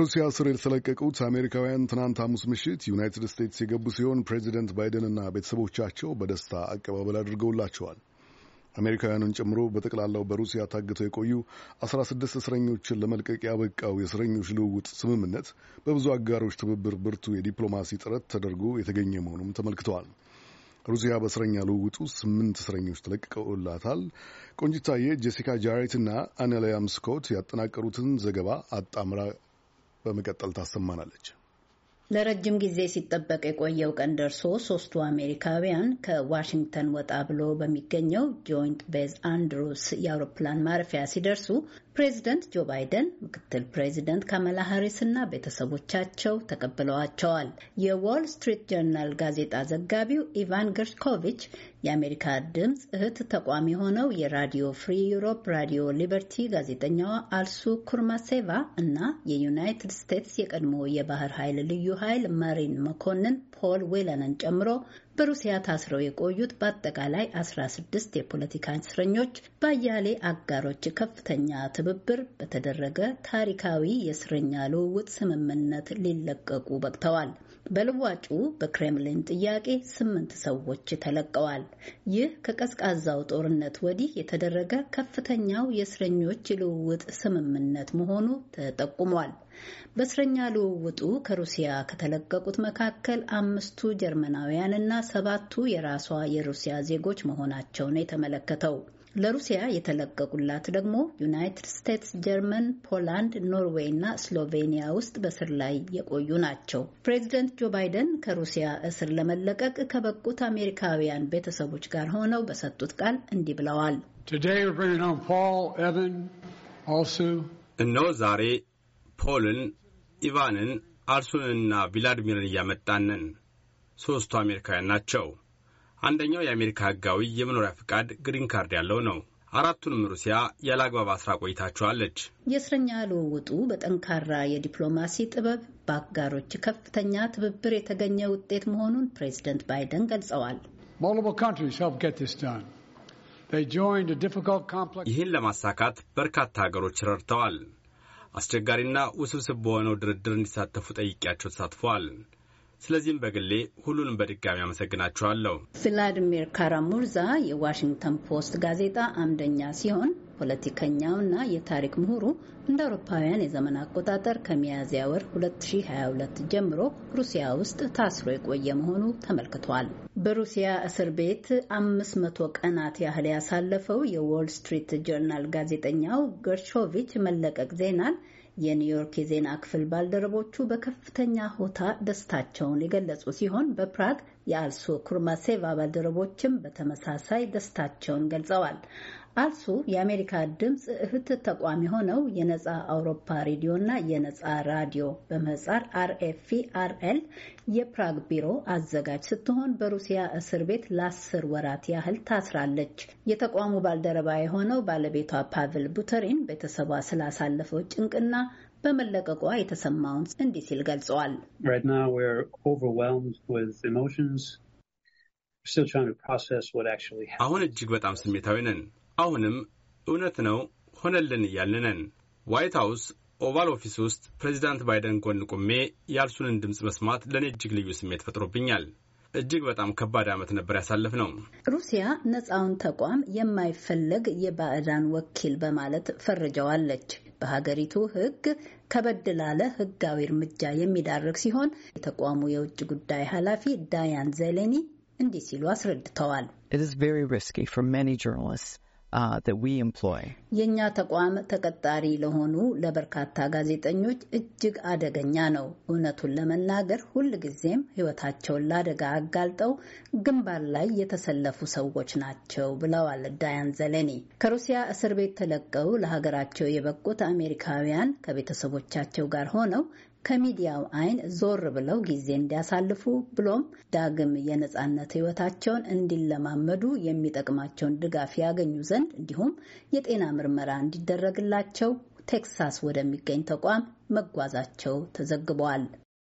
ከሩሲያ ስር የተለቀቁት አሜሪካውያን ትናንት ሐሙስ ምሽት ዩናይትድ ስቴትስ የገቡ ሲሆን ፕሬዚደንት ባይደንና ቤተሰቦቻቸው በደስታ አቀባበል አድርገውላቸዋል። አሜሪካውያኑን ጨምሮ በጠቅላላው በሩሲያ ታግተው የቆዩ 16 እስረኞችን ለመልቀቅ ያበቃው የእስረኞች ልውውጥ ስምምነት በብዙ አጋሮች ትብብር ብርቱ የዲፕሎማሲ ጥረት ተደርጎ የተገኘ መሆኑም ተመልክተዋል። ሩሲያ በእስረኛ ልውውጡ ስምንት እስረኞች ተለቅቀውላታል። ቆንጅታዬ ጄሲካ እና አናሊያም ስኮት ያጠናቀሩትን ዘገባ አጣምራ በመቀጠል ታሰማናለች። ለረጅም ጊዜ ሲጠበቅ የቆየው ቀን ደርሶ ሶስቱ አሜሪካውያን ከዋሽንግተን ወጣ ብሎ በሚገኘው ጆይንት ቤዝ አንድሮስ የአውሮፕላን ማረፊያ ሲደርሱ ፕሬዚደንት ጆ ባይደን ምክትል ፕሬዚደንት ካመላ ሃሪስና ቤተሰቦቻቸው ተቀብለዋቸዋል። የዋል ስትሪት ጀርናል ጋዜጣ ዘጋቢው ኢቫን ገርሽኮቪች የአሜሪካ ድምፅ እህት ተቋም የሆነው የራዲዮ ፍሪ ዩሮፕ ራዲዮ ሊበርቲ ጋዜጠኛዋ አልሱ ኩርማሴቫ እና የዩናይትድ ስቴትስ የቀድሞ የባህር ኃይል ልዩ ኃይል ማሪን መኮንን ፖል ዌለንን ጨምሮ በሩሲያ ታስረው የቆዩት በአጠቃላይ 16 የፖለቲካ እስረኞች በአያሌ አጋሮች ከፍተኛ ትብብር በተደረገ ታሪካዊ የእስረኛ ልውውጥ ስምምነት ሊለቀቁ በቅተዋል። በልዋጩ በክሬምሊን ጥያቄ ስምንት ሰዎች ተለቀዋል። ይህ ከቀዝቃዛው ጦርነት ወዲህ የተደረገ ከፍተኛው የእስረኞች ልውውጥ ስምምነት መሆኑ ተጠቁሟል። በእስረኛ ልውውጡ ከሩሲያ ከተለቀቁት መካከል አምስቱ ጀርመናውያንና ሰባቱ የራሷ የሩሲያ ዜጎች መሆናቸው የተመለከተው። ለሩሲያ የተለቀቁላት ደግሞ ዩናይትድ ስቴትስ፣ ጀርመን፣ ፖላንድ፣ ኖርዌይ እና ስሎቬኒያ ውስጥ በስር ላይ የቆዩ ናቸው። ፕሬዚደንት ጆ ባይደን ከሩሲያ እስር ለመለቀቅ ከበቁት አሜሪካውያን ቤተሰቦች ጋር ሆነው በሰጡት ቃል እንዲህ ብለዋል። እነሆ ዛሬ ፖልን፣ ኢቫንን፣ አርሱንና ቪላድሚርን እያመጣንን ሦስቱ አሜሪካውያን ናቸው። አንደኛው የአሜሪካ ህጋዊ የመኖሪያ ፍቃድ ግሪን ካርድ ያለው ነው። አራቱንም ሩሲያ ያለአግባብ አስራ ቆይታቸዋለች። የእስረኛ ልውውጡ በጠንካራ የዲፕሎማሲ ጥበብ በአጋሮች ከፍተኛ ትብብር የተገኘ ውጤት መሆኑን ፕሬዚደንት ባይደን ገልጸዋል። ይህን ለማሳካት በርካታ ሀገሮች ረድተዋል። አስቸጋሪና ውስብስብ በሆነው ድርድር እንዲሳተፉ ጠይቄያቸው ተሳትፈዋል። ስለዚህም በግሌ ሁሉንም በድጋሚ አመሰግናችኋለሁ። ቭላዲሚር ካራሙርዛ የዋሽንግተን ፖስት ጋዜጣ አምደኛ ሲሆን ፖለቲከኛውና የታሪክ ምሁሩ እንደ አውሮፓውያን የዘመን አቆጣጠር ከሚያዝያ ወር 2022 ጀምሮ ሩሲያ ውስጥ ታስሮ የቆየ መሆኑ ተመልክቷል። በሩሲያ እስር ቤት 500 ቀናት ያህል ያሳለፈው የዎል ስትሪት ጆርናል ጋዜጠኛው ገርሾቪች መለቀቅ ዜናን የኒውዮርክ የዜና ክፍል ባልደረቦቹ በከፍተኛ ሆታ ደስታቸውን የገለጹ ሲሆን በፕራግ የአልሱ ኩርማሴቫ ባልደረቦችም በተመሳሳይ ደስታቸውን ገልጸዋል። አልሱ የአሜሪካ ድምፅ እህት ተቋም የሆነው የነፃ አውሮፓ ሬዲዮና የነፃ ራዲዮ በምህጻር አርኤፍፒ አርኤል የፕራግ ቢሮ አዘጋጅ ስትሆን በሩሲያ እስር ቤት ለአስር ወራት ያህል ታስራለች። የተቋሙ ባልደረባ የሆነው ባለቤቷ ፓቭል ቡተሪን ቤተሰቧ ስላሳለፈው ጭንቅና በመለቀቋ የተሰማውን እንዲህ ሲል ገልጸዋል። አሁን እጅግ በጣም ስሜታዊ ነን። አሁንም እውነት ነው ሆነልን እያልን ነን። ዋይት ሀውስ ኦቫል ኦፊስ ውስጥ ፕሬዚዳንት ባይደን ጎን ቆሜ ያልሱንን ድምፅ መስማት ለእኔ እጅግ ልዩ ስሜት ፈጥሮብኛል። እጅግ በጣም ከባድ ዓመት ነበር ያሳለፍ ነው። ሩሲያ ነፃውን ተቋም የማይፈለግ የባዕዳን ወኪል በማለት ፈርጀዋለች። በሀገሪቱ ሕግ ከበድ ላለ ሕጋዊ እርምጃ የሚዳርግ ሲሆን የተቋሙ የውጭ ጉዳይ ኃላፊ ዳያን ዘሌኒ እንዲህ ሲሉ አስረድተዋል። Uh, የእኛ ተቋም ተቀጣሪ ለሆኑ ለበርካታ ጋዜጠኞች እጅግ አደገኛ ነው። እውነቱን ለመናገር ሁልጊዜም ሕይወታቸውን ለአደጋ አጋልጠው ግንባር ላይ የተሰለፉ ሰዎች ናቸው ብለዋል ዳያን ዘለኒ። ከሩሲያ እስር ቤት ተለቀው ለሀገራቸው የበቁት አሜሪካውያን ከቤተሰቦቻቸው ጋር ሆነው ከሚዲያው አይን ዞር ብለው ጊዜ እንዲያሳልፉ ብሎም ዳግም የነጻነት ህይወታቸውን እንዲለማመዱ የሚጠቅማቸውን ድጋፍ ያገኙ ዘንድ እንዲሁም የጤና ምርመራ እንዲደረግላቸው ቴክሳስ ወደሚገኝ ተቋም መጓዛቸው ተዘግቧል።